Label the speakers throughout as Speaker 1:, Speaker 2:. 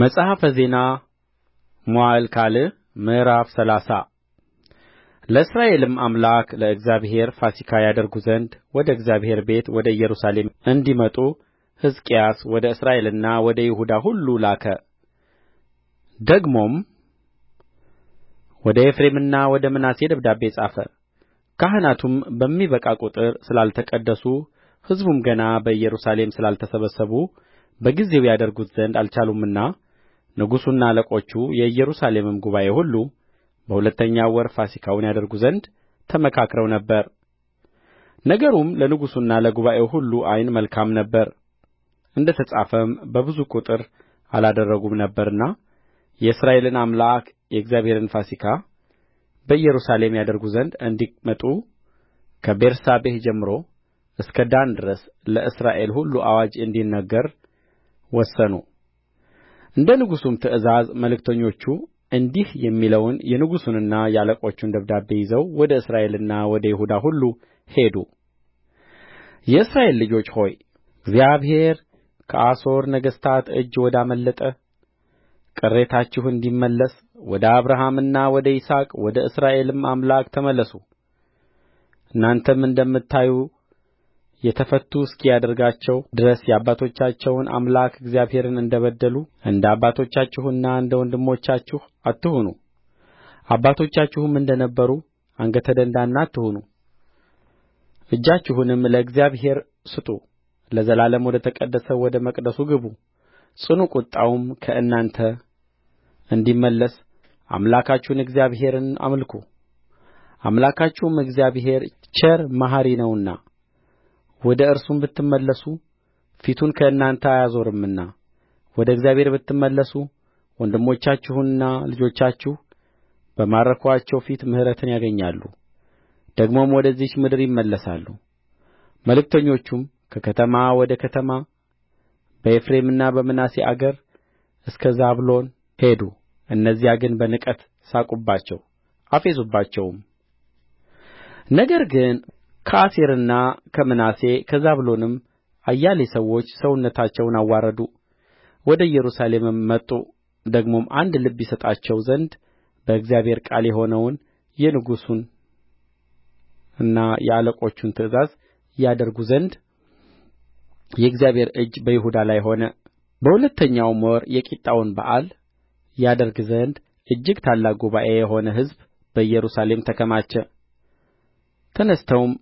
Speaker 1: መጽሐፈ ዜና መዋዕል ካልዕ ምዕራፍ ሰላሳ ለእስራኤልም አምላክ ለእግዚአብሔር ፋሲካ ያደርጉ ዘንድ ወደ እግዚአብሔር ቤት ወደ ኢየሩሳሌም እንዲመጡ ሕዝቅያስ ወደ እስራኤልና ወደ ይሁዳ ሁሉ ላከ። ደግሞም ወደ ኤፍሬምና ወደ ምናሴ ደብዳቤ ጻፈ። ካህናቱም በሚበቃ ቍጥር ስላልተቀደሱ ሕዝቡም ገና በኢየሩሳሌም ስላልተሰበሰቡ በጊዜው ያደርጉት ዘንድ አልቻሉምና ንጉሡና አለቆቹ የኢየሩሳሌምም ጉባኤ ሁሉ በሁለተኛው ወር ፋሲካውን ያደርጉ ዘንድ ተመካክረው ነበር ነገሩም ለንጉሡና ለጉባኤው ሁሉ ዓይን መልካም ነበረ እንደ ተጻፈም በብዙ ቍጥር አላደረጉም ነበርና የእስራኤልን አምላክ የእግዚአብሔርን ፋሲካ በኢየሩሳሌም ያደርጉ ዘንድ እንዲመጡ ከቤርሳቤህ ጀምሮ እስከ ዳን ድረስ ለእስራኤል ሁሉ አዋጅ እንዲነገር ወሰኑ እንደ ንጉሡም ትእዛዝ መልእክተኞቹ እንዲህ የሚለውን የንጉሡንና የአለቆቹን ደብዳቤ ይዘው ወደ እስራኤልና ወደ ይሁዳ ሁሉ ሄዱ የእስራኤል ልጆች ሆይ እግዚአብሔር ከአሦር ነገሥታት እጅ ወዳመለጠ ቅሬታችሁ እንዲመለስ ወደ አብርሃምና ወደ ይስሐቅ ወደ እስራኤልም አምላክ ተመለሱ እናንተም እንደምታዩ የተፈቱ እስኪያደርጋቸው ድረስ የአባቶቻቸውን አምላክ እግዚአብሔርን እንደ በደሉ እንደ አባቶቻችሁና እንደ ወንድሞቻችሁ አትሁኑ አባቶቻችሁም እንደ ነበሩ አንገተ ደንዳና አትሁኑ እጃችሁንም ለእግዚአብሔር ስጡ ለዘላለም ወደ ተቀደሰው ወደ መቅደሱ ግቡ ጽኑ ቍጣውም ከእናንተ እንዲመለስ አምላካችሁን እግዚአብሔርን አምልኩ አምላካችሁም እግዚአብሔር ቸር መሐሪ ነውና ወደ እርሱም ብትመለሱ ፊቱን ከእናንተ አያዞርምና ወደ እግዚአብሔር ብትመለሱ ወንድሞቻችሁና ልጆቻችሁ በማረኩአቸው ፊት ምሕረትን ያገኛሉ ደግሞም ወደዚህች ምድር ይመለሳሉ መልእክተኞቹም ከከተማ ወደ ከተማ በኤፍሬምና በምናሴ አገር እስከ ዛብሎን ሄዱ እነዚያ ግን በንቀት ሳቁባቸው አፌዙባቸውም ነገር ግን ከአሴርና ከምናሴ ከዛብሎንም አያሌ ሰዎች ሰውነታቸውን አዋረዱ ወደ ኢየሩሳሌምም መጡ ደግሞም አንድ ልብ ይሰጣቸው ዘንድ በእግዚአብሔር ቃል የሆነውን የንጉሡንና የአለቆቹን ትእዛዝ ያደርጉ ዘንድ የእግዚአብሔር እጅ በይሁዳ ላይ ሆነ በሁለተኛውም ወር የቂጣውን በዓል ያደርግ ዘንድ እጅግ ታላቅ ጉባኤ የሆነ ሕዝብ በኢየሩሳሌም ተከማቸ ተነሥተውም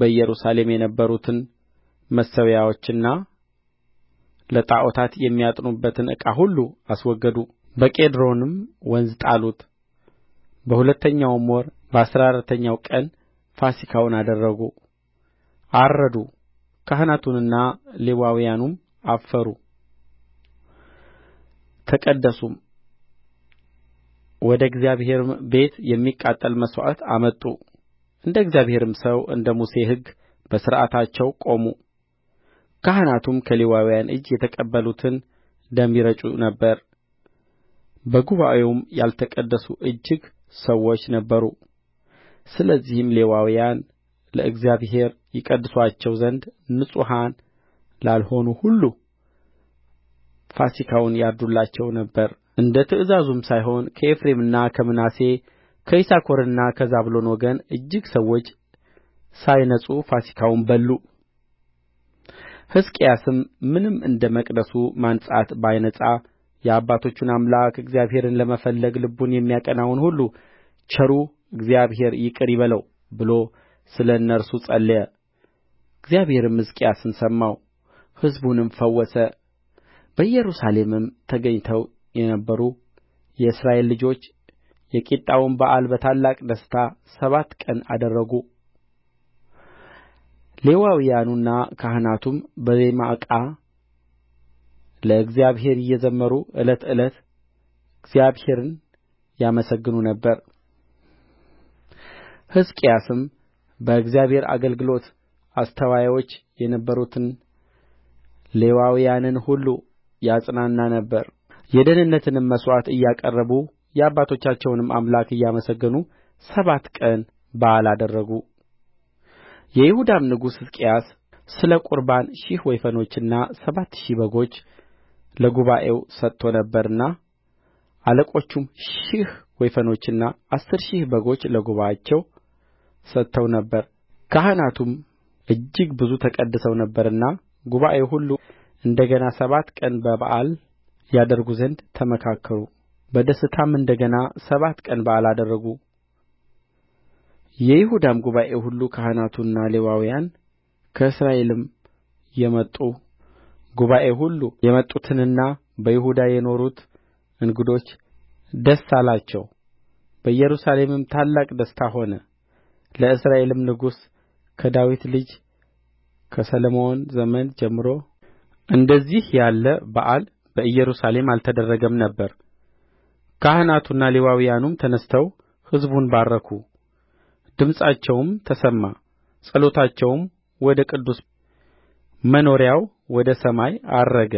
Speaker 1: በኢየሩሳሌም የነበሩትን መሠዊያዎችና ለጣዖታት የሚያጥኑበትን ዕቃ ሁሉ አስወገዱ በቄድሮንም ወንዝ ጣሉት በሁለተኛውም ወር በአሥራ አራተኛው ቀን ፋሲካውን አደረጉ አረዱ ካህናቱንና ሌዋውያኑም አፈሩ ተቀደሱም ወደ እግዚአብሔርም ቤት የሚቃጠል መሥዋዕት አመጡ እንደ እግዚአብሔርም ሰው እንደ ሙሴ ሕግ በሥርዓታቸው ቆሙ ካህናቱም ከሌዋውያን እጅ የተቀበሉትን ደም ይረጩ ነበር በጉባኤውም ያልተቀደሱ እጅግ ሰዎች ነበሩ ስለዚህም ሌዋውያን ለእግዚአብሔር ይቀድሱአቸው ዘንድ ንጹሐን ላልሆኑ ሁሉ ፋሲካውን ያርዱላቸው ነበር እንደ ትእዛዙም ሳይሆን ከኤፍሬምና ከምናሴ ከይሳኮርና ከዛብሎን ወገን እጅግ ሰዎች ሳይነጹ ፋሲካውን በሉ ሕዝቅያስም ምንም እንደ መቅደሱ ማንጻት ባይነጻ የአባቶቹን አምላክ እግዚአብሔርን ለመፈለግ ልቡን የሚያቀናውን ሁሉ ቸሩ እግዚአብሔር ይቅር ይበለው ብሎ ስለ እነርሱ ጸለየ። እግዚአብሔርም ሕዝቅያስን ሰማው፣ ሕዝቡንም ፈወሰ። በኢየሩሳሌምም ተገኝተው የነበሩ የእስራኤል ልጆች የቂጣውን በዓል በታላቅ ደስታ ሰባት ቀን አደረጉ ሌዋውያኑና ካህናቱም በዜማ ዕቃ ለእግዚአብሔር እየዘመሩ ዕለት ዕለት እግዚአብሔርን ያመሰግኑ ነበር ሕዝቅያስም በእግዚአብሔር አገልግሎት አስተዋዮች የነበሩትን ሌዋውያንን ሁሉ ያጽናና ነበር የደኅንነትንም መሥዋዕት እያቀረቡ የአባቶቻቸውንም አምላክ እያመሰገኑ ሰባት ቀን በዓል አደረጉ የይሁዳም ንጉሥ ሕዝቅያስ ስለ ቍርባን ሺህ ወይፈኖችና ሰባት ሺህ በጎች ለጉባኤው ሰጥቶ ነበርና አለቆቹም ሺህ ወይፈኖችና አሥር ሺህ በጎች ለጉባኤቸው ሰጥተው ነበር ካህናቱም እጅግ ብዙ ተቀድሰው ነበርና ጉባኤው ሁሉ እንደ ገና ሰባት ቀን በዓል ያደርጉ ዘንድ ተመካከሩ በደስታም እንደ ገና ሰባት ቀን በዓል አደረጉ የይሁዳም ጉባኤ ሁሉ ካህናቱና ሌዋውያን ከእስራኤልም የመጡ ጉባኤ ሁሉ የመጡትንና በይሁዳ የኖሩት እንግዶች ደስ አላቸው በኢየሩሳሌምም ታላቅ ደስታ ሆነ ለእስራኤልም ንጉሥ ከዳዊት ልጅ ከሰሎሞን ዘመን ጀምሮ እንደዚህ ያለ በዓል በኢየሩሳሌም አልተደረገም ነበር ካህናቱና ሌዋውያኑም ተነሥተው ሕዝቡን ባረኩ ድምፃቸውም ተሰማ ጸሎታቸውም ወደ ቅዱስ መኖሪያው ወደ ሰማይ ዐረገ